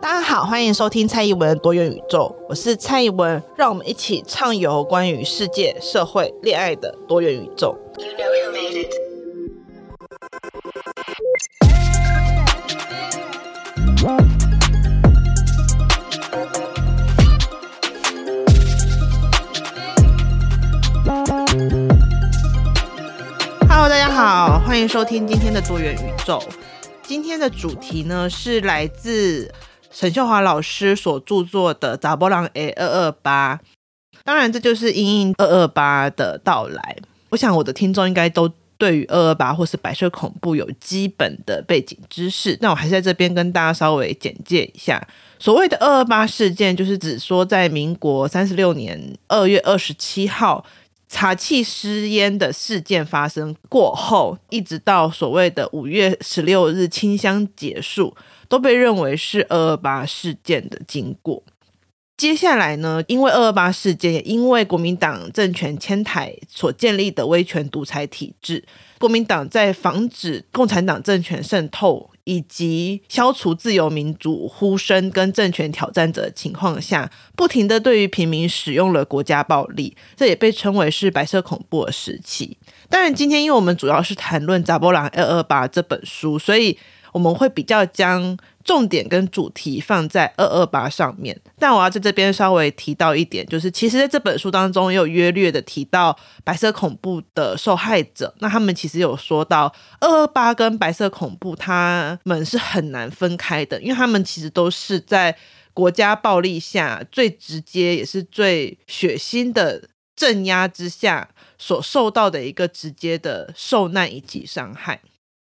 大家好，歡迎收聽蔡宜文多元宇宙，我是蔡宜文，讓我們一起暢遊關於世界、社會、戀愛的多元宇宙。Hello，大家好，歡迎收聽今天的多元宇宙。今天的主題呢是來自。沈秀華老師所著作的《查某人 ê 二二八》，當然這就是因應二二八的到來。我想我的聽眾應該都對於二二八或是白色恐怖有基本的背景知識。那我還是在這邊跟大家稍微簡介一下，所謂的二二八事件，就是指說在民國三十六年二月二十七號查緝私菸的事件發生過後，一直到所謂的五月十六日清鄉結束。都被認為是二二八事件的經過。接下來呢，因為二二八事件，也因為國民黨政權遷台所建立的威權獨裁體制，國民黨在防止共產黨政權滲透以及消除自由民主呼聲跟政權挑戰者的情況下，不停的對於平民使用了國家暴力，這也被稱為是白色恐怖的時期。當然，今天因為我們主要是談論查某人的二二八這本書，所以，我們會比較將重點跟主題放在二二八上面，但我要在這邊稍微提到一點，就是其實在這本書當中也有約略的提到白色恐怖的受害者。那他們其實有說到二二八跟白色恐怖，他們是很難分開的，因為他們其實都是在國家暴力下最直接也是最血腥的鎮壓之下所受到的一個直接的受難以及傷害。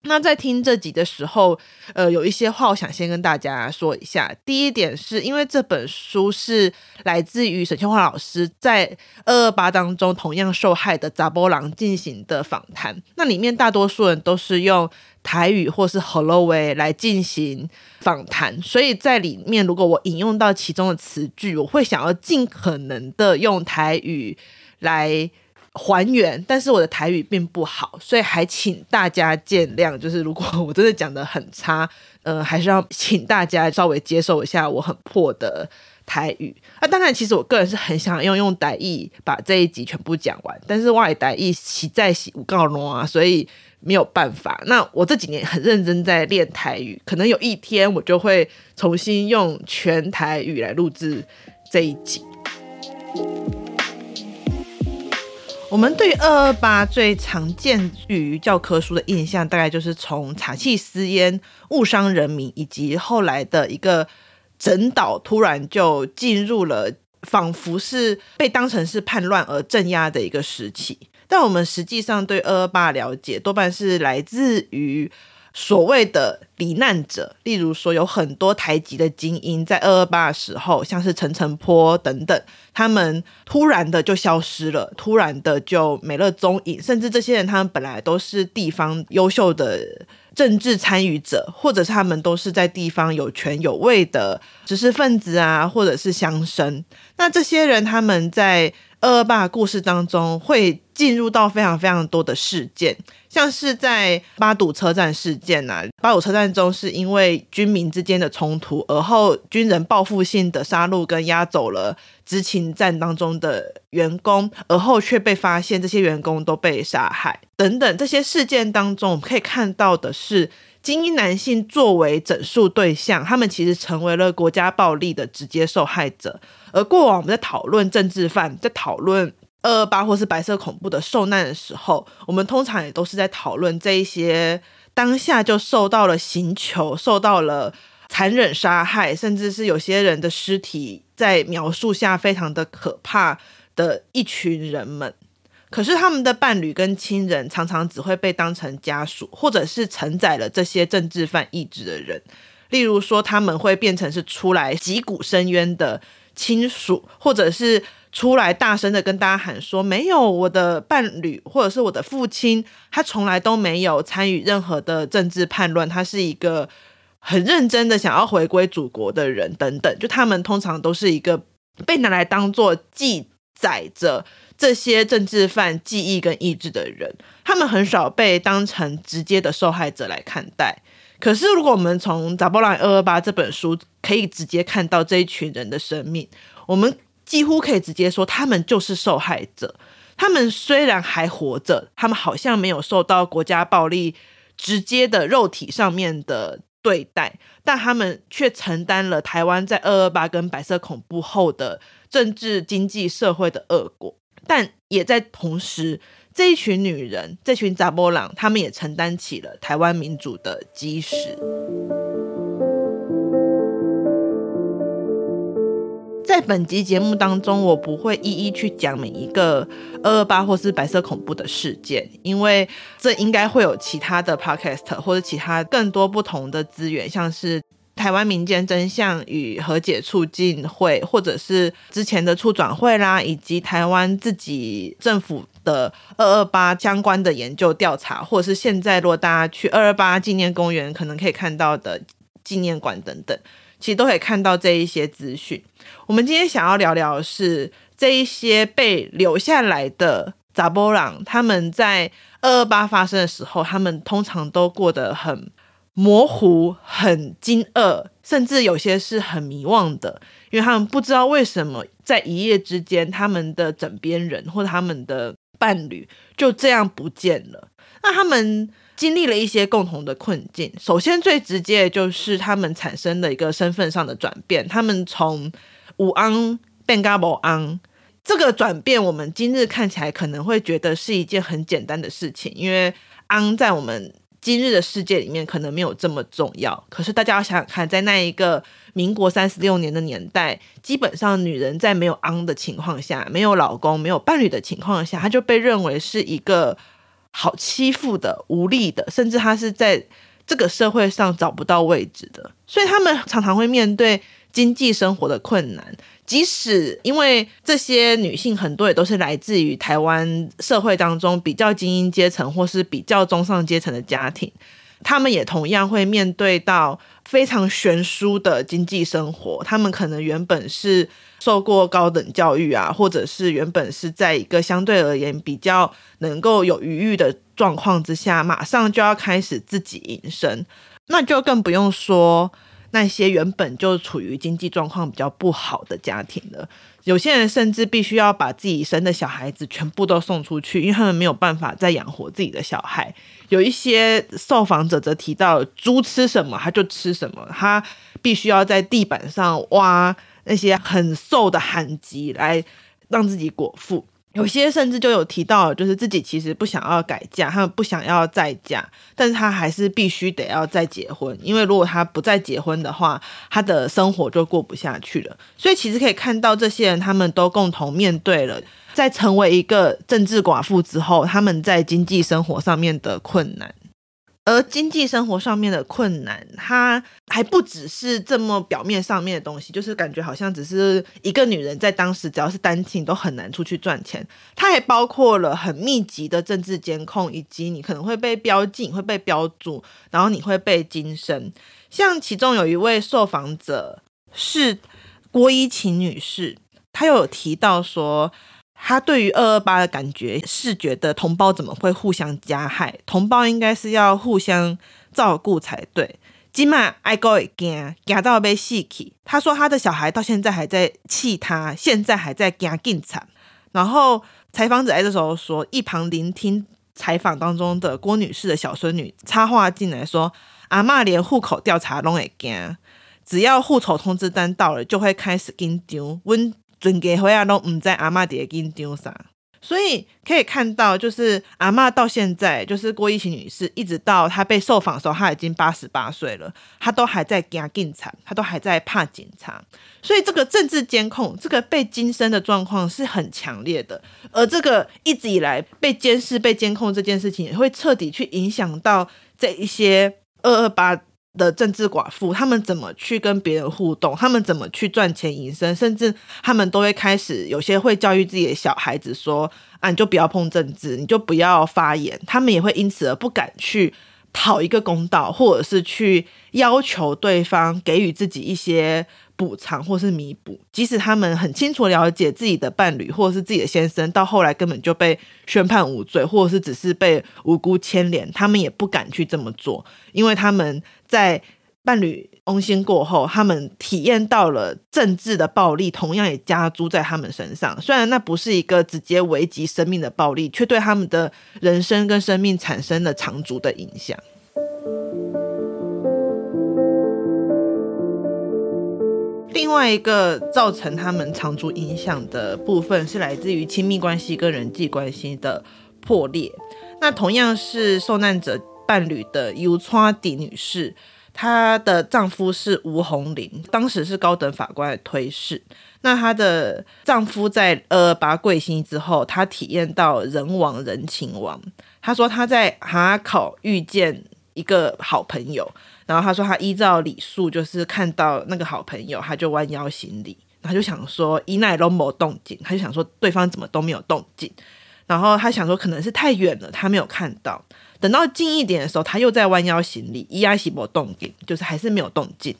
那在聽這集的時候，呃，有一些話我想先跟大家說一下。第一點是，因為這本書是來自於沈秀華老師在二二八當中同樣受害的查某人進行的訪談，那裡面大多數人都是用台語或是 Holo 話來進行訪談，所以在裡面如果我引用到其中的詞句，我會想要儘可能的用台語來。還原，但是我的台語並不好，所以還請大家見諒。就是如果我真的講得很差，嗯、呃，還是要請大家稍微接受一下我很破的台語。那、啊、當然，其實我個人是很想用用台語把這一集全部講完，但是外台語實在無夠好啊，所以沒有辦法。那我這幾年很認真在練台語，可能有一天我就會重新用全台語來錄製這一集。我們對於二二八最常見於教科書的印象，大概就是從查緝私菸、誤傷人民，以及後來的一個整島，突然就進入了仿佛是被當成是叛亂而鎮壓的一個時期。但我們實際上對二二八了解，多半是來自於。所謂的罹難者，例如說有很多台籍的精英，在二二八的時候，像是陳澄波等等，他們突然的就消失了，突然的就沒了蹤影。甚至這些人，他們本來都是地方優秀的政治參與者，或者是他們都是在地方有權有位的知識分子啊，或者是鄉紳。那這些人他們在。二二八故事當中會進入到非常非常多的事件，像是在八堵車站事件吶、啊，八堵車站中是因為軍民之間的衝突，而後軍人報復性的殺戮跟押走了執勤站當中的員工，而後卻被發現這些員工都被殺害等等這些事件當中，我們可以看到的是，精英男性作為整數對象，他們其實成為了國家暴力的直接受害者。而過往我們在討論政治犯，在討論二二八或是白色恐怖的受難的時候，我們通常也都是在討論這一些當下就受到了刑求、受到了殘忍殺害，甚至是有些人的屍體在描述下非常的可怕的一群人們。可是他們的伴侶跟親人常常只會被當成家屬，或者是承載了這些政治犯意志的人。例如說，他們會變成是出來擊鼓申冤的親屬，或者是出來大聲的跟大家喊說：“沒有，我的伴侶或者是我的父親，他從來都沒有參與任何的政治叛亂，他是一個很認真的想要回歸祖國的人。”等等，就他們通常都是一個被拿來當做祭。載着這些政治犯記憶跟意志的人，他們很少被當成直接的受害者來看待。可是，如果我們從《查某人的二二八》這本書可以直接看到這一群人的生命，我們幾乎可以直接說，他們就是受害者。他們雖然還活着，他們好像沒有受到國家暴力直接的肉體上面的。對待，但他們卻承擔了台灣在二二八跟白色恐怖後的政治、經濟、社會的惡果。但也在同時，這一群女人、這群查某人，他們也承擔起了台灣民主的基石。在本集節目當中，我不會一一去講每一個二二八或是白色恐怖的事件，因為這應該會有其他的 podcast 或者其他更多不同的資源，像是台灣民間真相與和解促進會，或者是之前的促轉會啦，以及台灣自己政府的二二八相關的研究調查，或者是現在若大家去二二八紀念公園，可能可以看到的紀念館等等，其實都可以看到這一些資訊。我們今天想要聊聊的是這一些被留下來的查某人，他們在二二八發生的時候，他們通常都過得很模糊、很驚愕，甚至有些是很迷惘的，因為他們不知道為什麼在一夜之間，他們的枕邊人或者他們的伴侶就這樣不見了。那他們經歷了一些共同的困境，首先最直接的就是他們產生的一個身份上的轉變，他們從有安變嘎無安，這個轉變我們今日看起來可能會覺得是一件很簡單的事情，因為安在我們今日的世界裡面可能沒有這麼重要。可是大家要想想看，在那一個民國三十六年的年代，基本上女人在沒有安的情況下，沒有老公、沒有伴侶的情況下，她就被認為是一個好欺負的、無力的，甚至她是在這個社會上找不到位置的。所以他們常常會面對。經濟生活的困難，即使因為這些女性很多也都是來自於台灣社會當中比較精英階層或是比較中上階層的家庭，她們也同樣會面對到非常懸殊的經濟生活。她們可能原本是受過高等教育啊，或者是原本是在一個相對而言比較能夠有餘裕的狀況之下，馬上就要開始自己營生，那就更不用說。那些原本就處於經濟狀況比較不好的家庭的，有些人甚至必須要把自己生的小孩子全部都送出去，因為他們沒有辦法再養活自己的小孩。有一些受訪者則提到，豬吃什麼他就吃什麼，他必須要在地板上挖那些很瘦的汗雞來讓自己果腹。有些甚至就有提到，就是自己其實不想要改嫁，他不想要再嫁，但是他還是必須得要再結婚，因為如果他不再結婚的話，他的生活就過不下去了。所以其實可以看到，這些人他們都共同面對了，在成為一個政治寡婦之後，他們在經濟生活上面的困難。而經濟生活上面的困難，它還不只是這麼表面上面的東西，就是感覺好像只是一個女人在當時，只要是單親都很難出去賺錢。它還包括了很密集的政治監控，以及你可能會被標記、會被標注，然後你會被噤聲。像其中有一位受訪者是郭一晴女士，她又有提到說。他對於二二八的感覺是覺得同胞怎麼會互相加害？同胞應該是要互相照顧才對。今嘛閣會驚，驚到欲死去。他說他的小孩到現在還在氣他，現在還在驚警察。然後採訪者來的時候說，一旁聆聽採訪當中的郭女士的小孫女插話進來說：“阿媽連戶口調查攏會驚，只要戶口通知單到了，就會開始緊張。”溫整個回來都唔在阿媽底下，給你丟啥？所以可以看到，就是阿媽到現在，就是郭益群女士，一直到她被受訪的時候，她已經八十八歲了，她都還在驚警察，她都還在怕警察。所以這個政治監控，這個被監生的狀況是很強烈的。而這個一直以來被監視、被監控這件事情，會徹底去影響到這一些二二八。的政治寡婦，他們怎麼去跟別人互動？他們怎麼去賺錢營生？甚至他們都會開始有些會教育自己的小孩子說：“啊，你就不要碰政治，你就不要發言。”他們也會因此而不敢去。討一個公道，或者是去要求對方給予自己一些補償或是彌補，即使他們很清楚了解自己的伴侶或者是自己的先生，到後來根本就被宣判無罪，或者是只是被無辜牽連，他們也不敢去這麼做，因為他們在。伴侶翁心過後，他們體驗到了政治的暴力，同樣也加諸在他們身上。雖然那不是一個直接危及生命的暴力，卻對他們的人生跟生命產生了長足的影響。另外一個造成他們長足影響的部分，是來自於親密關係跟人際關係的破裂。那同樣是受難者伴侶的 Utradi 女士。她的丈夫是吳鴻麟，當時是高等法官的推事。那她的丈夫在二、呃、拔貴星之後，他體驗到人亡人情亡。他說他在哈口遇見一個好朋友，然後他說他依照禮數，就是看到那個好朋友，他就彎腰行禮，她就想說伊奈攏無動靜，他就想說對方怎麼都沒有動靜。然後他想說，可能是太遠了，他沒有看到。等到近一點的時候，他又在彎腰行禮，伊阿西伯動靜就是還是沒有動靜。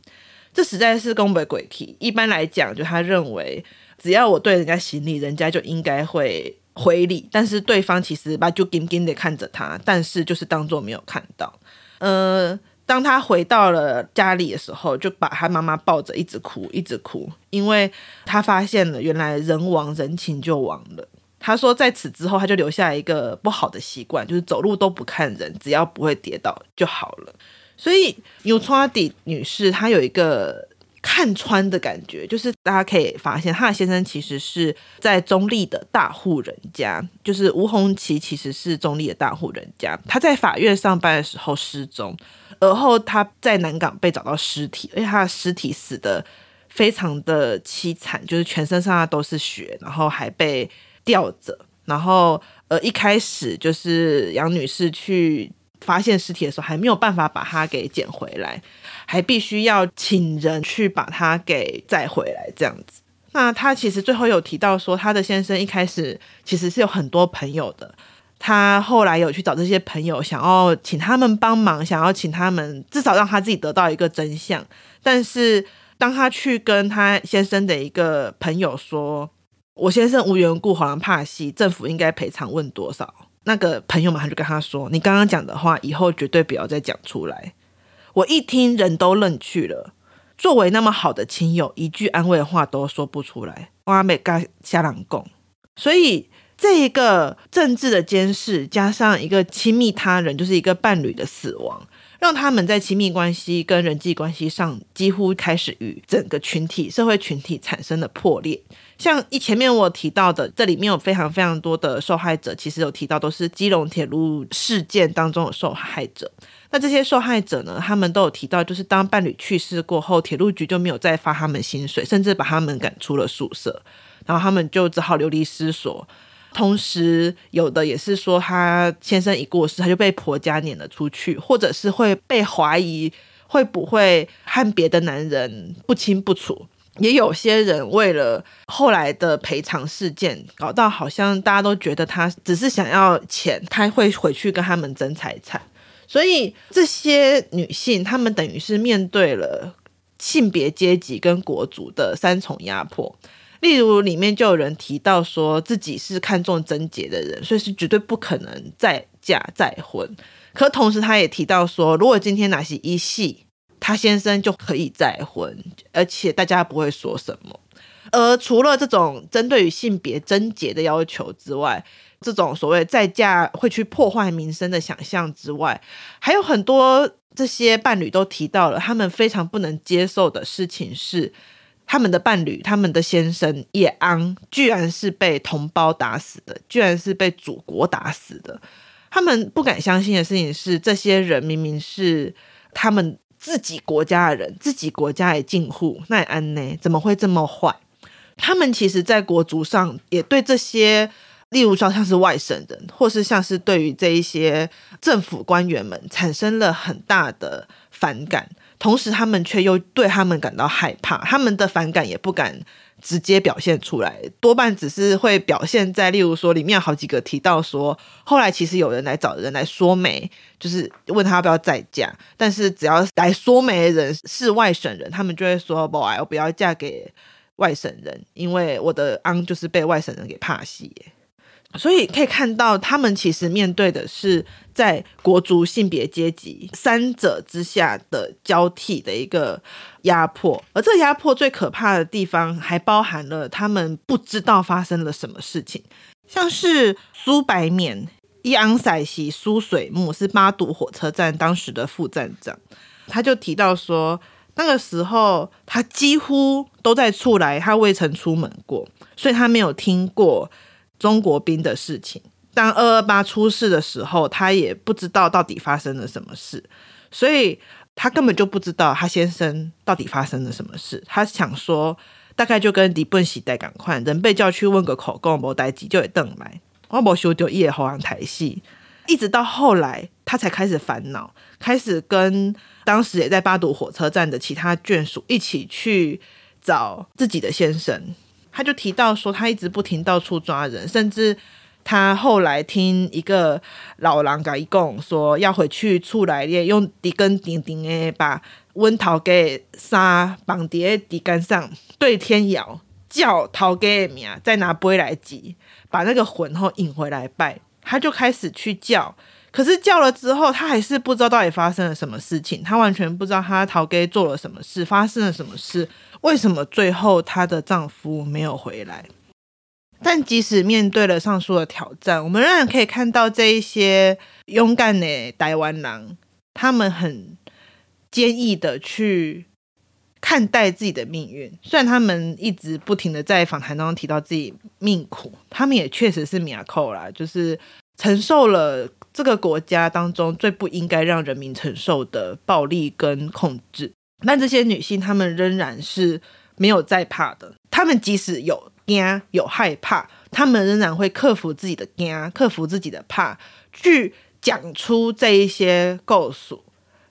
這實在是宮本鬼氣。一般來講，就他認為，只要我對人家行禮，人家就應該會回禮。但是對方其實把就盯盯的看着他，但是就是當作沒有看到。呃，當他回到了家裡的時候，就把他媽媽抱着，一直哭，一直哭，因為他發現了，原來人亡人情就亡了。他說，在此之後，他就留下一個不好的習慣，就是走路都不看人，只要不會跌倒就好了。所以牛川 w 女士她有一個看穿的感覺，就是大家可以發現，她的先生其實是在中立的大戶人家，就是吳紅旗其實是中立的大戶人家。她在法院上班的時候失蹤，而後她在南港被找到屍體，而且她的屍體死的非常的淒慘，就是全身上下都是血，然後還被。吊着，然後呃，一開始就是楊女士去發現屍體的時候，還沒有辦法把它給撿回來，還必須要請人去把它給載回來這樣子。那她其實最後有提到說，她的先生一開始其實是有很多朋友的，她後來有去找這些朋友，想要請他們幫忙，想要請他們至少讓他自己得到一個真相。但是當她去跟她先生的一個朋友說。我先生無緣故好像怕死，政府應該賠償問多少？那個朋友們他就跟他說：“你剛剛講的話，以後絕對不要再講出來。”我一聽，人都愣去了。作為那麼好的親友，一句安慰的話都說不出來。哇，美噶瞎狼共。所以，這一個政治的監視，加上一個親密他人，就是一個伴侶的死亡，讓他們在親密關係跟人際關係上，幾乎開始與整個群體、社會群體產生了破裂。像一，前面我提到的，這裡面有非常非常多的受害者，其實有提到都是基隆鐵路事件當中的受害者。那這些受害者呢，他們都有提到，就是當伴侶去世過後，鐵路局就沒有再發他們薪水，甚至把他們趕出了宿舍，然後他們就只好流離失所。同時，有的也是說，他先生一過世，他就被婆家攆了出去，或者是會被懷疑會不會和別的男人不清不楚。也有些人為了後來的賠償事件，搞到好像大家都覺得他只是想要錢，他會回去跟他們爭財產。所以這些女性，她們等於是面對了性別、階級跟國族的三重壓迫。例如裡面就有人提到說自己是看重貞潔的人，所以是絕對不可能再嫁再婚。可同時她也提到說，如果今天哪些一系。他先生就可以再婚，而且大家不會說什麼。而除了這種針對於性別貞潔的要求之外，這種所謂再嫁會去破壞名聲的想象之外，還有很多這些伴侶都提到了他們非常不能接受的事情是，他們的伴侶、他們的先生葉安，居然是被同胞打死的，居然是被祖國打死的。他們不敢相信的事情是，這些人明明是他們。自己國家的人，自己國家的進戶，那也安呢？怎麼會這麼壞？他們其實，在國族上也對這些，例如說像是外省人，或是像是對於這一些政府官員們，產生了很大的反感。同時，他們卻又對他們感到害怕，他們的反感也不敢直接表現出來，多半只是會表現在，例如說，裡面好幾個提到說，後來其實有人來找人來說媒，就是問他要不要再嫁，但是只要來說媒的人是外省人，他們就會說不，我不要嫁給外省人，因為我的翁就是被外省人給拍死。所以可以看到，他們其實面對的是在國族、性別、階級三者之下的交替的一個壓迫，而這個壓迫最可怕的地方，還包含了他們不知道發生了什麼事情。像是蘇白冕、伊昂塞西、蘇水木是八堵火車站當時的副站長，他就提到說，那個時候他幾乎都在厝內，他未曾出門過，所以他沒有聽過中國兵的事情，當二二八出事的時候，他也不知道到底發生了什麼事，所以他根本就不知道他先生到底發生了什麼事。他想說，大概就跟日本時代，趕快人被叫去問個口供，不待急就等來，我不需要一夜好養台戲，一直到後來他才開始煩惱，開始跟當時也在八堵火車站的其他眷屬一起去找自己的先生。他就提到說，他一直不停到處抓人，甚至他後來聽一個老人講一供，說要回去厝來，用地根頂頂誒，把溫桃給沙綁碟誒竹竿上，對天搖叫桃給誒名，再拿杯來擠，把那個魂後引回來拜。他就開始去叫，可是叫了之後，他還是不知道到底發生了什麼事情，他完全不知道他桃給做了什麼事，發生了什麼事。為什麼最後她的丈夫沒有回來？但即使面對了上述的挑戰，我們仍然可以看到這一些勇敢的台灣人。他們很堅毅的去看待自己的命運。雖然他們一直不停的在訪談當中提到自己命苦，他們也確實是命苦啦，就是承受了這個國家當中最不應該讓人民承受的暴力跟控制。但這些女性，她們仍然是沒有在怕的。她們即使有驚有害怕，她們仍然會克服自己的驚，克服自己的怕，去講出這一些控訴。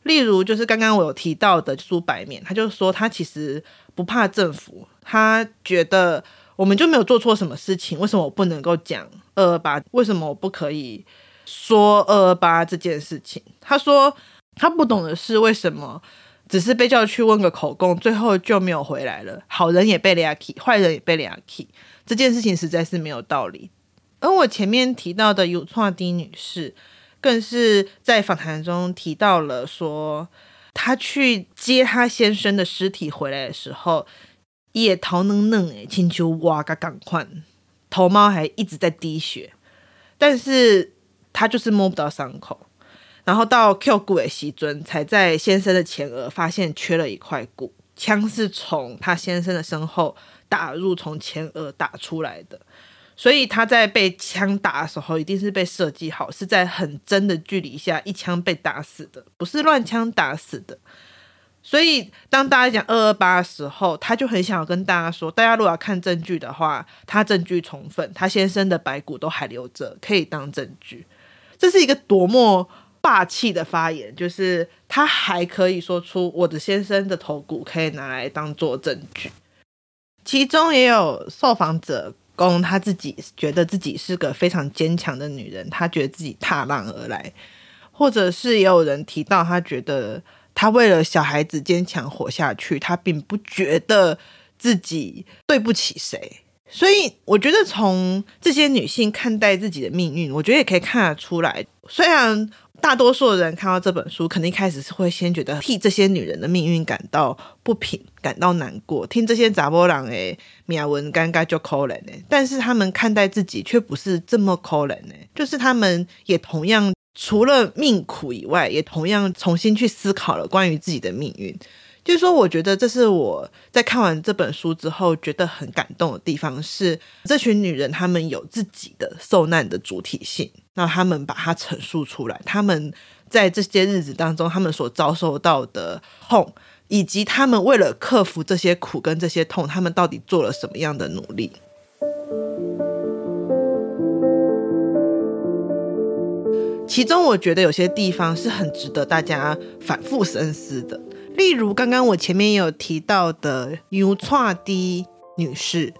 例如，就是剛剛我有提到的蘇白面，她就說她其實不怕政府，她覺得我們就沒有做錯什麼事情，為什麼我不能夠講二二八？為什麼我不可以說二二八這件事情？她說她不懂的是為什麼。只是被叫去問個口供，最後就沒有回來了。好人也被掠去，壞人也被掠去，這件事情實在是沒有道理。而我前面提到的楊 𤆬 治女士，更是在訪談中提到了說，她去接她先生的屍體回來的時候，也頭能嫩哎，請求挖個趕快，頭毛還一直在滴血，但是她就是摸不到傷口。然後到撿骨的時陣，才在先生的前額發現缺了一塊骨，槍是從他先生的身後打入，從前額打出來的，所以他在被槍打的時候，一定是被設計好，是在很真的距離下一槍被打死的，不是亂槍打死的。所以當大家講二二八的時候，他就很想要跟大家說，大家如果要看證據的話，他證據充分，他先生的白骨都還留着，可以當證據。這是一個多麼。霸氣的發言，就是他還可以說出“我的先生的頭骨可以拿來當做證據”。其中也有受訪者說他自己覺得自己是個非常堅強的女人，他覺得自己踏浪而來，或者是也有人提到他覺得他為了小孩子堅強活下去，他並不覺得自己對不起誰。所以我覺得從這些女性看待自己的命運，我覺得也可以看得出來，雖然。大多數人看到這本書，肯定一開始是會先覺得替這些女人的命運感到不平，感到難過。聽這些扎波朗誒，米亞文尷尬就可憐誒，但是他們看待自己卻不是這麼可憐誒，就是他們也同樣除了命苦以外，也同樣重新去思考了關於自己的命運。就是說，我覺得這是我在看完這本書之後覺得很感動的地方，是這群女人她們有自己的受難的主體性，那她們把它陳述出來，她們在這些日子當中，她們所遭受到的痛，以及她們為了克服這些苦跟這些痛，她們到底做了什麼樣的努力？其中，我覺得有些地方是很值得大家反復深思的。例如，剛剛我前面有提到的楊 𤆬 治女士，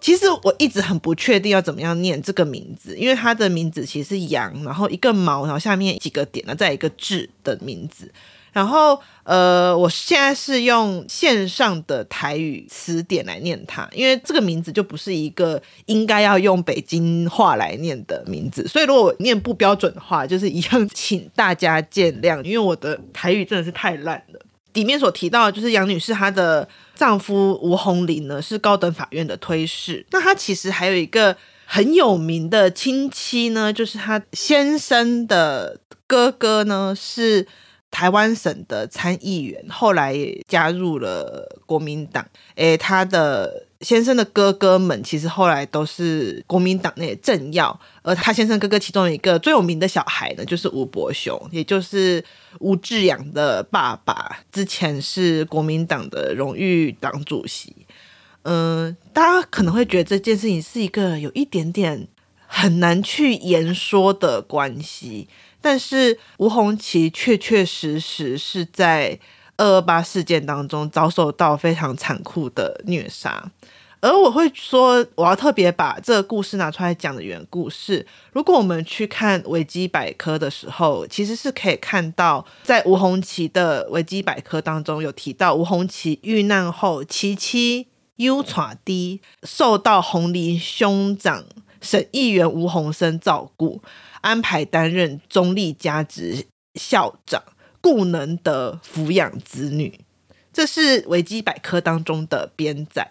其實我一直很不確定要怎麼樣念這個名字，因為她的名字其實是羊，然後一個毛，然後下面幾個點呢，再一個治的名字。然後，呃，我現在是用線上的台語詞典來念它，因為這個名字就不是一個應該要用北京話來念的名字，所以如果我念不標準的話，就是一樣請大家見諒，因為我的台語真的是太爛了。裡面所提到的就是楊女士，她的丈夫吳鴻麟呢是高等法院的推事。那她其實還有一個很有名的親戚呢，就是她先生的哥哥呢是台灣省的參議員，後來也加入了國民黨。哎、欸，他的。先生的哥哥們其實後來都是國民黨內政要，而他先生哥哥其中一個最有名的小孩呢，就是吳伯雄，也就是吳志揚的爸爸，之前是國民黨的榮譽黨主席。嗯、呃，大家可能會覺得這件事情是一個有一點點很難去言說的關係，但是吳鴻麒確確實實是在。二二八事件當中遭受到非常殘酷的虐殺，而我會說我要特別把這個故事拿出來講的緣故是，如果我們去看維基百科的時候，其實是可以看到，在吳鴻麒的維基百科當中有提到，吳鴻麒遇難後，其妻楊 𤆬 治受到鴻麒兄長省參議員吳鴻森照顧，安排擔任中壢家職校長。故能的撫養子女，這是維基百科當中的編載。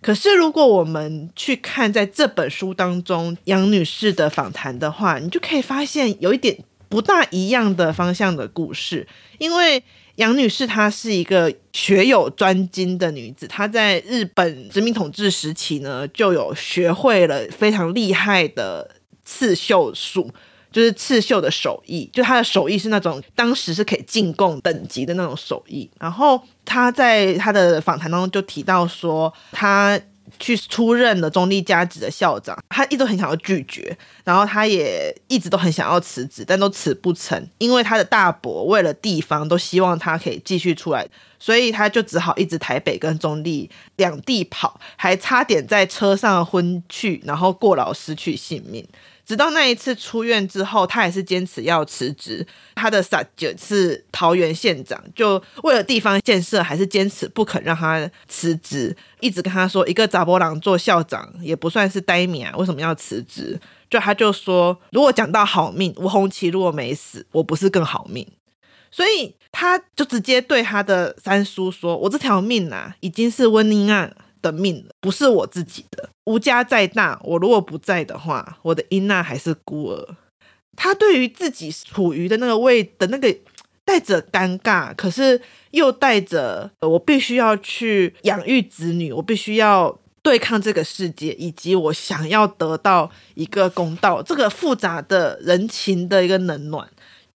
可是，如果我們去看在這本書當中楊女士的訪談的話，你就可以發現有一點不大一樣的方向的故事。因為楊女士她是一個學有專精的女子，她在日本殖民統治時期呢，就有學會了非常厲害的刺繡術。就是刺繡的手藝，就他的手藝是那種當時是可以進貢等級的那種手藝。然後他在他的訪談當中就提到說，他去出任了中壢家職的校長，他一直很想要拒絕，然後他也一直都很想要辭職，但都辭不成，因為他的大伯為了地方都希望他可以繼續出來，所以他就只好一直台北跟中壢兩地跑，還差點在車上昏去，然後過勞失去性命。直到那一次出院之後，他還是堅持要辭職。他的 subject 是桃園縣長，就為了地方建設，還是堅持不肯讓他辭職，一直跟他說：“一個查波郎做校長也不算是歹命啊，為什麼要辭職？”就他就說：“如果講到好命，吳鴻麒如果沒死，我不是更好命。”所以他就直接對他的三叔說：“我這條命啊，已經是溫寧啊。”的命不是我自己的，無家在那。我如果不在的話，我的英娜還是孤兒。他對於自己處於的那個位的那個，帶着尷尬，可是又帶着我必須要去養育子女，我必須要對抗這個世界，以及我想要得到一個公道。這個複雜的人情的一個冷暖，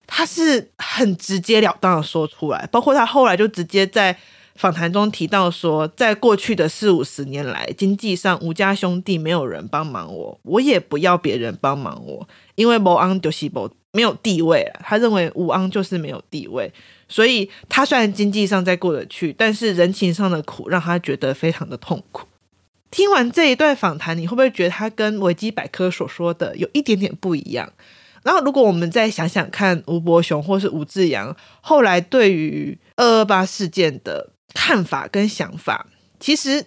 他是很直截了當的說出來。包括他後來就直接在。訪談中提到說，在過去的四五十年來，經濟上吳家兄弟沒有人幫忙我，我也不要別人幫忙我，因為某昂就是沒有地位了。他認為吳昂就是沒有地位，所以他雖然經濟上在過得去，但是人情上的苦讓他覺得非常的痛苦。聽完這一段訪談，你會不會覺得他跟維基百科所說的有一點點不一樣？然後，如果我們再想想看，吳伯雄或是吳志揚後來對於二二八事件的。看法跟想法，其實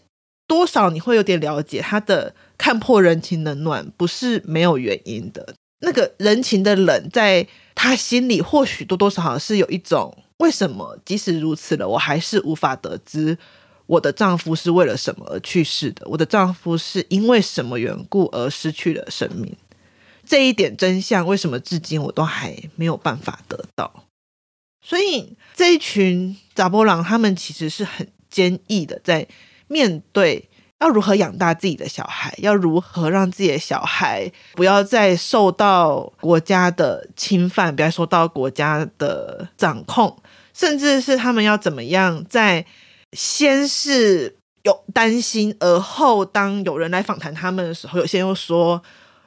多少你會有點了解。他的看破人情冷暖，不是沒有原因的。那個人情的冷，在他心裡，或許多多少少是有一種，為什麼即使如此了，我還是無法得知我的丈夫是為了什麼而去世的？我的丈夫是因為什麼緣故而失去了生命？這一點真相，為什麼至今我都還沒有辦法得到？所以這一群查某人，他們其實是很堅毅的，在面對要如何養大自己的小孩，要如何讓自己的小孩不要再受到國家的侵犯，不要受到國家的掌控，甚至是他們要怎麼樣，在先是有擔心，而後當有人來訪談他們的時候，有些又說。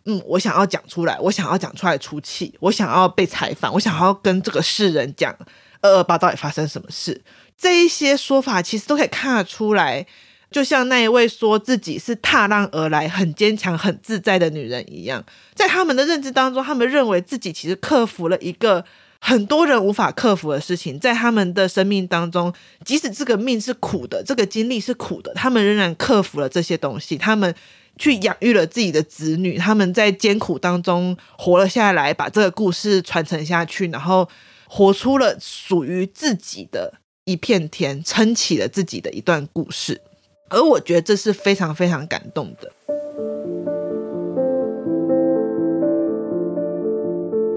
嗯，我想要講出來，我想要講出來出氣，我想要被採訪，我想要跟這個世人講二二八到底發生什麼事。這一些說法其實都可以看得出來，就像那一位說自己是踏浪而來、很堅強、很自在的女人一樣，在他們的認知當中，他們認為自己其實克服了一個很多人無法克服的事情，在他們的生命當中，即使這個命是苦的，這個經歷是苦的，他們仍然克服了這些東西。他們。去養育了自己的子女，他們在艱苦當中活了下來，把這個故事傳承下去，然後活出了屬於自己的一片天，撐起了自己的一段故事。而我覺得這是非常非常感動的。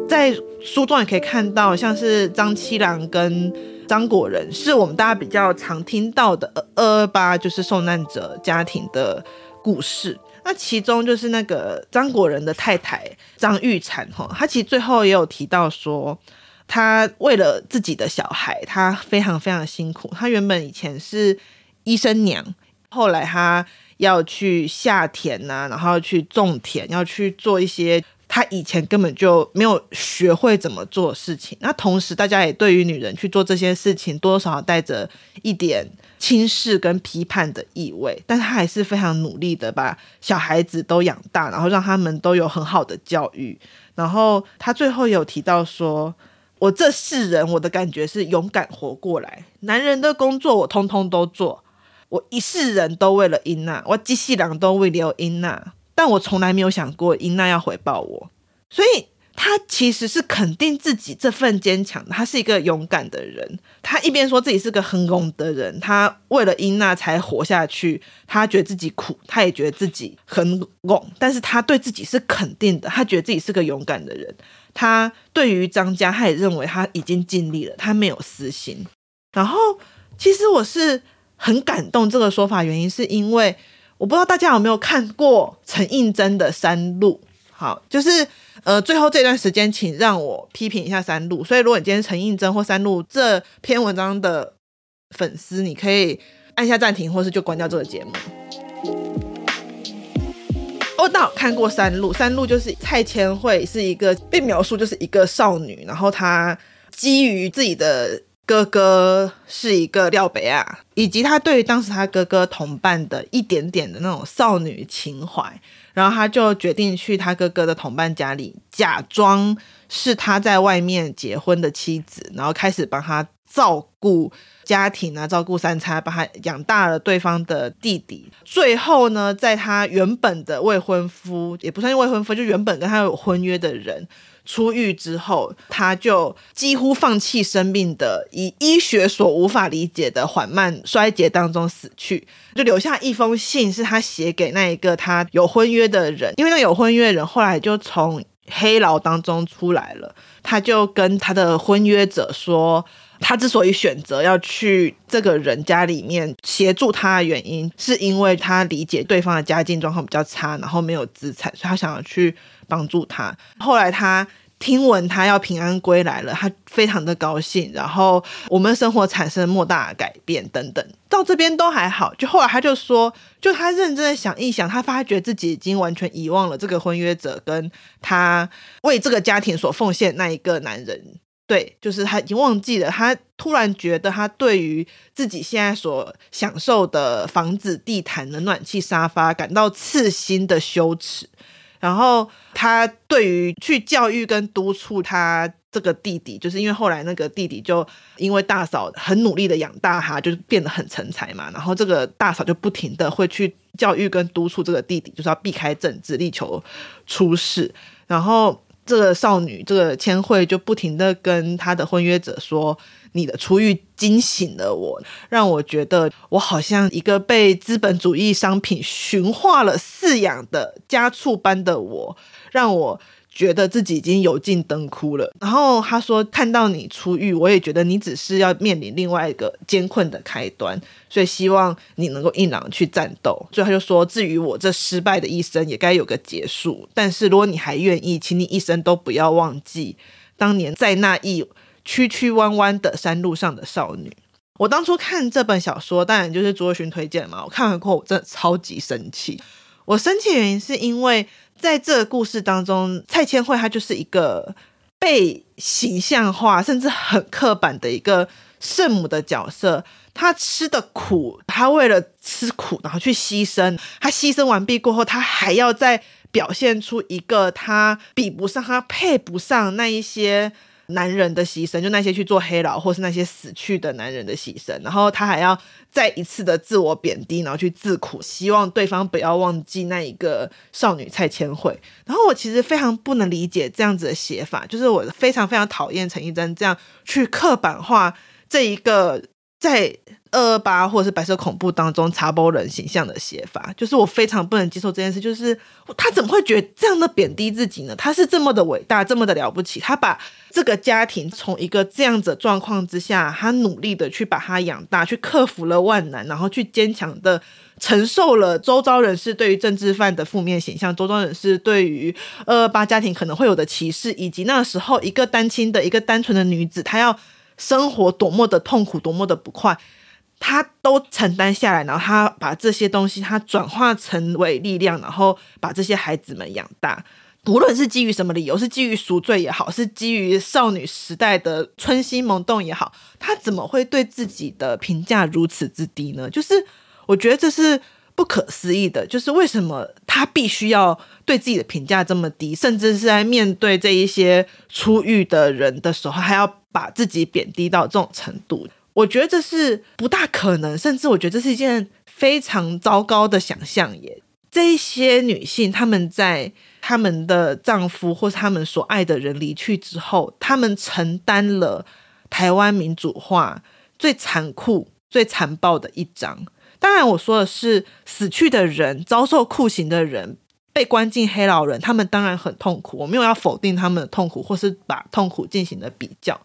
在書中也可以看到，像是張七郎跟張果仁，是我們大家比較常聽到的二二八，就是受難者家庭的故事。那其中就是那個張國仁的太太張玉嬋哈，她其實最後也有提到說，她為了自己的小孩，她非常非常辛苦。她原本以前是醫生娘，後來她要去下田吶、啊，然後去種田，要去做一些。他以前根本就沒有學會怎麼做事情，那同時大家也對於女人去做這些事情多多少少帶着一點輕視跟批判的意味，但他還是非常努力的把小孩子都養大，然後讓他們都有很好的教育。然後他最後有提到說：“我這世人，我的感覺是勇敢活過來，男人的工作我通通都做，我一世人都為了英娜，我幾世人都為了英娜。”但我從來沒有想過英娜要回報我，所以他其實是肯定自己這份堅強。他是一個勇敢的人，他一邊說自己是個很勇的人，他為了英娜才活下去，他覺得自己苦，他也覺得自己很勇，但是他對自己是肯定的，他覺得自己是個勇敢的人。他對於張家，他也認為他已經盡力了，他沒有私心。然後，其實我是很感動這個說法，原因是因為。我不知道大家有沒有看過陳映真的《山路》？好，就是呃，最後這段時間，請讓我批評一下《山路》。所以，如果你今天是陳映真或《山路》這篇文章的粉絲，你可以按下暫停，或是就關掉這個節目。哦，那我看過《山路》，《山路》就是蔡千惠是一個被描述就是一個少女，然後她基於自己的哥哥是一個廖北亞。以及他對於當時他哥哥同伴的一點點的那種少女情懷，然後他就決定去他哥哥的同伴家裡，假裝是他在外面結婚的妻子，然後開始幫他照顧家庭啊，照顧三餐，幫他養大了對方的弟弟。最後呢，在他原本的未婚夫也不算未婚夫，就原本跟他有婚約的人。出獄之後，他就幾乎放棄生命的，以醫學所無法理解的緩慢衰竭當中死去，就留下一封信，是他寫給那一個他有婚約的人。因為那有婚約的人後來就從黑牢當中出來了，他就跟他的婚約者說，他之所以選擇要去這個人家裡面協助他的原因，是因為他理解對方的家境狀況比較差，然後沒有資產，所以他想要去。幫助他。後來他聽聞他要平安歸來了，他非常的高興。然後我們生活產生莫大的改變等等，到這邊都還好。就後來他就說，就他認真的想一想，他發覺自己已經完全遺忘了這個婚約者，跟他為這個家庭所奉獻那一個男人。對，就是他已經忘記了。他突然覺得他對於自己現在所享受的房子、地毯、冷暖氣、沙發，感到刺心的羞恥。然後他對於去教育跟督促他這個弟弟，就是因為後來那個弟弟就因為大嫂很努力的養大他，就是變得很成才嘛。然後這個大嫂就不停的會去教育跟督促這個弟弟，就是要避開政治，力求出世。然後。這個少女，這個千惠就不停的跟她的婚約者說：“你的出獄驚醒了我，讓我覺得我好像一個被資本主義商品馴化了飼養的家畜般的我，讓我。”覺得自己已經油盡燈枯了，然後他說看到你出獄，我也覺得你只是要面臨另外一個艱困的開端，所以希望你能夠硬朗去戰鬥。所以他就說，至於我這失敗的一生，也該有個結束。但是如果你還願意，請你一生都不要忘記當年在那一曲曲彎彎的山路上的少女。我當初看這本小說，當然就是卓勳推薦嘛，我看完過後我真的超級生氣。我生氣的原因是因為在這個故事當中，蔡千惠她就是一個被形象化甚至很刻板的一個聖母的角色。她吃的苦，她為了吃苦然後去犧牲，她犧牲完畢過後，她還要再表現出一個她比不上、她配不上那一些男人的犧牲，就那些去做黑牢，或是那些死去的男人的犧牲，然後他還要再一次的自我貶低，然後去自苦，希望對方不要忘記那一個少女蔡千惠。然後我其實非常不能理解這樣子的寫法，就是我非常非常討厭陳映真這樣去刻板化這一個。在二二八或者是白色恐怖當中，查某人形象的寫法，就是我非常不能接受這件事。就是他怎麼會覺得這樣的貶低自己呢？他是這麼的偉大，這麼的了不起。他把這個家庭從一個這樣子的狀況之下，他努力的去把他養大，去克服了萬難，然後去堅強的承受了周遭人士對於政治犯的負面形象，周遭人士對於二二八家庭可能會有的歧視，以及那時候一個單親的一個單純的女子，她要。生活多麼的痛苦，多麼的不快，他都承擔下來，然後他把這些東西，他轉化成為力量，然後把這些孩子們養大。無論是基於什麼理由，是基於贖罪也好，是基於少女時代的春心萌動也好，他怎麼會對自己的評價如此之低呢？就是我覺得這是。不可思議的，就是為什麼他必須要對自己的評價這麼低，甚至是在面對這一些出獄的人的時候，還要把自己貶低到這種程度？我覺得這是不大可能，甚至我覺得這是一件非常糟糕的想象。也，這一些女性她們在她們的丈夫或是她們所愛的人離去之後，她們承擔了台灣民主化最殘酷、最殘暴的一章。當然，我說的是死去的人、遭受酷刑的人、被關進黑牢的人，他們當然很痛苦。我沒有要否定他們的痛苦，或是把痛苦進行了比較。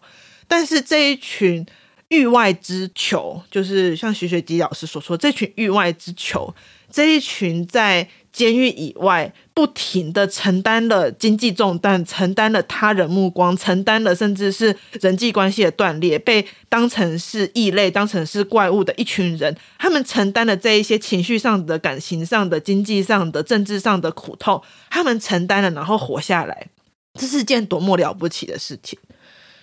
但是這一群獄外之囚，就是像許雪姬老師所說，這群獄外之囚。這一群在監獄以外不停的承擔了經濟重擔，承擔了他人目光，承擔了甚至是人際關係的斷裂，被當成是異類，當成是怪物的一群人，他們承擔了這一些情緒上的、感情上的、經濟上的、政治上的苦痛，他們承擔了，然後活下來，這是件多麼了不起的事情。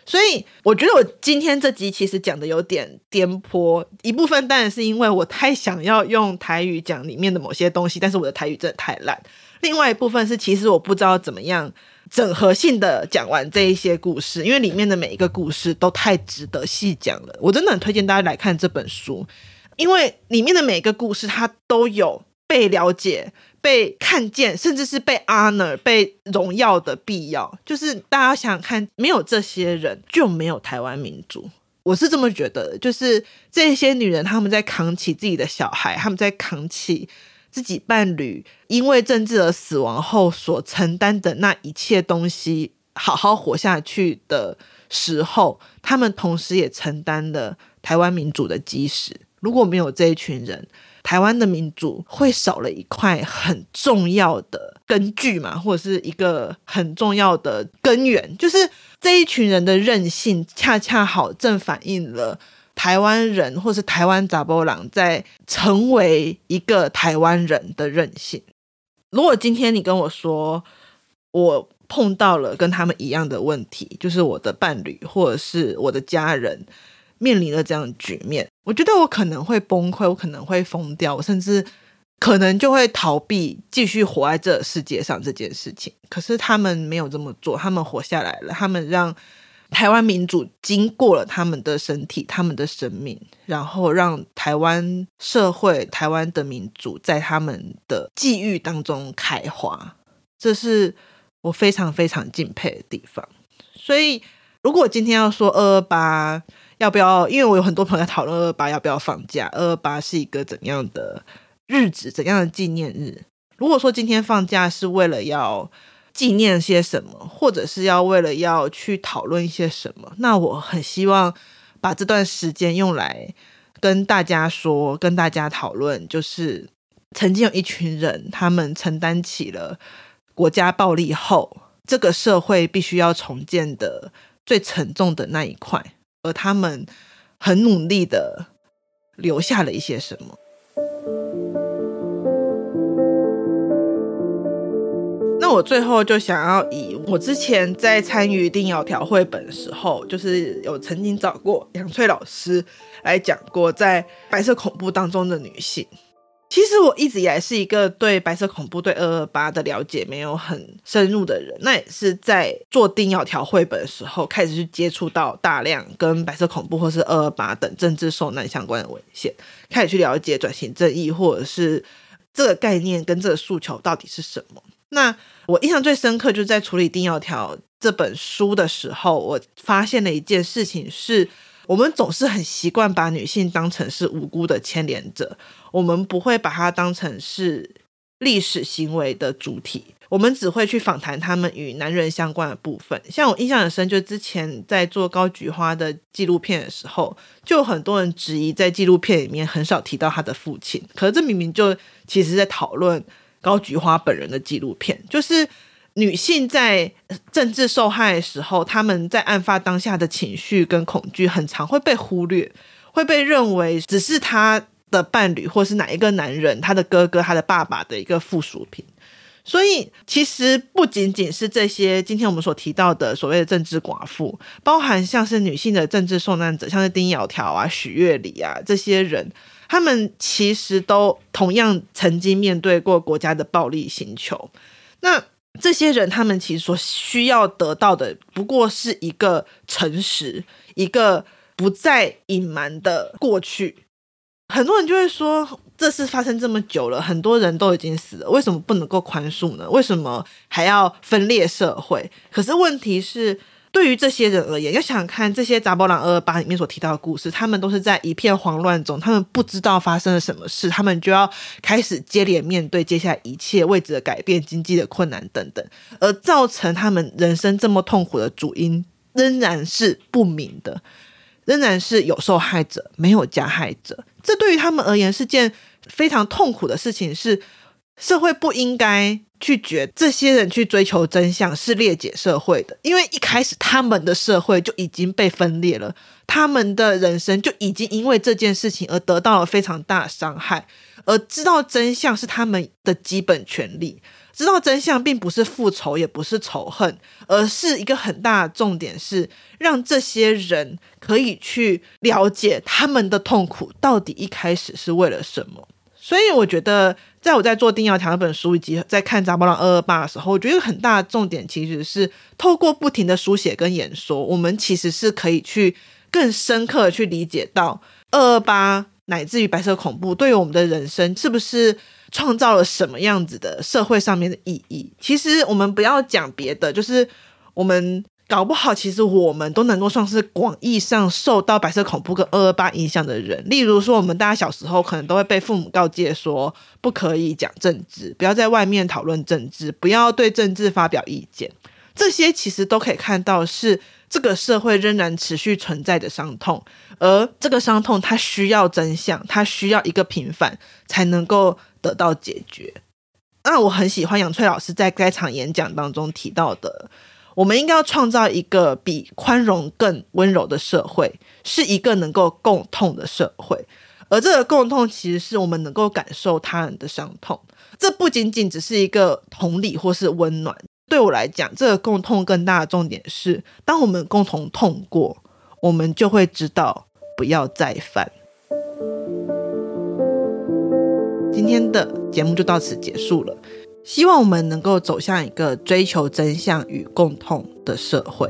所以我覺得我今天這集其實講的有點顛簸，一部分當然是因為我太想要用台語講裡面的某些東西，但是我的台語真的太爛。另外一部分是，其實我不知道怎麼樣整合性的講完這一些故事，因為裡面的每一個故事都太值得細講了。我真的很推薦大家來看這本書，因為裡面的每一個故事它都有被了解。被看見，甚至是被 honor、被榮耀的必要，就是大家想想看，沒有這些人就沒有台灣民主。我是這麼覺得，就是這些女人，她們在扛起自己的小孩，她們在扛起自己伴侶因為政治而死亡後所承擔的那一切東西，好好活下去的時候，她們同時也承擔了台灣民主的基石。如果沒有這一群人，台灣的民主會少了一塊很重要的根據嘛，或者是一個很重要的根源，就是這一群人的韌性，恰恰好正反映了台灣人，或是台灣查某人在成為一個台灣人的韌性。如果今天你跟我說，我碰到了跟他們一樣的問題，就是我的伴侶或者是我的家人面臨了這樣的局面。我覺得我可能會崩潰，我可能會瘋掉，我甚至可能就會逃避繼續活在這世界上這件事情。可是他們沒有這麼做，他們活下來了，他們讓台灣民主經過了他們的身體、他們的生命，然後讓台灣社會、台灣的民主在他們的際遇當中開花，這是我非常非常敬佩的地方。所以，如果今天要說二二八。要不要？因為我有很多朋友在討論二二八要不要放假。二二八是一個怎樣的日子？怎樣的紀念日？如果說今天放假是為了要紀念些什麼，或者是要為了要去討論一些什麼，那我很希望把這段時間用來跟大家說，跟大家討論，就是曾經有一群人，他們承擔起了國家暴力後，這個社會必須要重建的最沉重的那一塊。和他們很努力的留下了一些什麼。那我最後就想要以我之前在參與《丁窈窕》繪本的時候，就是有曾經找過楊翠老師來講過，在白色恐怖當中的女性。其實我一直以來是一個對白色恐怖、對二二八的了解沒有很深入的人。那也是在做《丁窈窕》繪本的時候，開始去接觸到大量跟白色恐怖或是二二八等政治受難相關的文獻，開始去了解轉型正義或者是這個概念跟這個訴求到底是什麼。那我印象最深刻就是在處理《丁窈窕》這本書的時候，我發現了一件事情是。我們總是很習慣把女性當成是無辜的牽連者，我們不會把她當成是歷史行為的主體，我們只會去訪談他們與男人相關的部分。像我印象很深，就之前在做高菊花的紀錄片的時候，就有很多人質疑，在紀錄片裡面很少提到他的父親，可是這明明就其實在討論高菊花本人的紀錄片，就是。女性在政治受害的時候，他們在案發當下的情緒跟恐懼，很常會被忽略，會被認為只是她的伴侶，或是哪一個男人、她的哥哥、她的爸爸的一個附屬品。所以，其實不僅僅是這些今天我們所提到的所謂的政治寡婦，包含像是女性的政治受難者，像是丁窈窕啊、許月里啊這些人，他們其實都同樣曾經面對過國家的暴力刑求。那這些人，他們其實所需要得到的，不過是一個誠實，一個不再隱瞞的過去。很多人就會說，這事發生這麼久了，很多人都已經死了，為什麼不能夠寬恕呢？為什麼還要分裂社會？可是問題是。對於這些人而言，要想看這些《查某人的二二八》裡面所提到的故事，他們都是在一片慌亂中，他們不知道發生了什麼事，他們就要開始接連面對接下來一切未知的改變、經濟的困難等等，而造成他們人生這麼痛苦的主因仍然是不明的，仍然是有受害者沒有加害者，這對於他們而言是件非常痛苦的事情，是社會不應該。拒絕這些人去追求真相是裂解社會的，因為一開始他們的社會就已經被分裂了，他們的人生就已經因為這件事情而得到了非常大的傷害。而知道真相是他們的基本權利，知道真相並不是復仇，也不是仇恨，而是一個很大的重點是讓這些人可以去了解他們的痛苦到底一開始是為了什麼。所以，我覺得。在我在做丁窈窕那本書，以及在看《查某人的二二八》的時候，我覺得很大的重點其實是透過不停的書寫跟演說，我們其實是可以去更深刻的去理解到二二八乃至於白色恐怖對於我們的人生是不是創造了什麼樣子的社會上面的意義。其實我們不要講別的，就是我們。搞不好，其實我們都能夠算是廣義上受到白色恐怖跟二二八影響的人。例如說，我們大家小時候可能都會被父母告誡說，不可以講政治，不要在外面討論政治，不要對政治發表意見。這些其實都可以看到，是這個社會仍然持續存在的傷痛。而這個傷痛，它需要真相，它需要一個平反，才能夠得到解決。那我很喜歡楊翠老師在該場演講當中提到的。我們應該要創造一個比寬容更溫柔的社會，是一個能夠共痛的社會。而這個共痛，其實是我們能夠感受他人的傷痛。這不僅僅只是一個同理或是溫暖。對我來講，這個共痛更大的重點是，當我們共同痛過，我們就會知道不要再犯。今天的節目就到此結束了。希望我們能夠走向一個追求真相與共同的社會。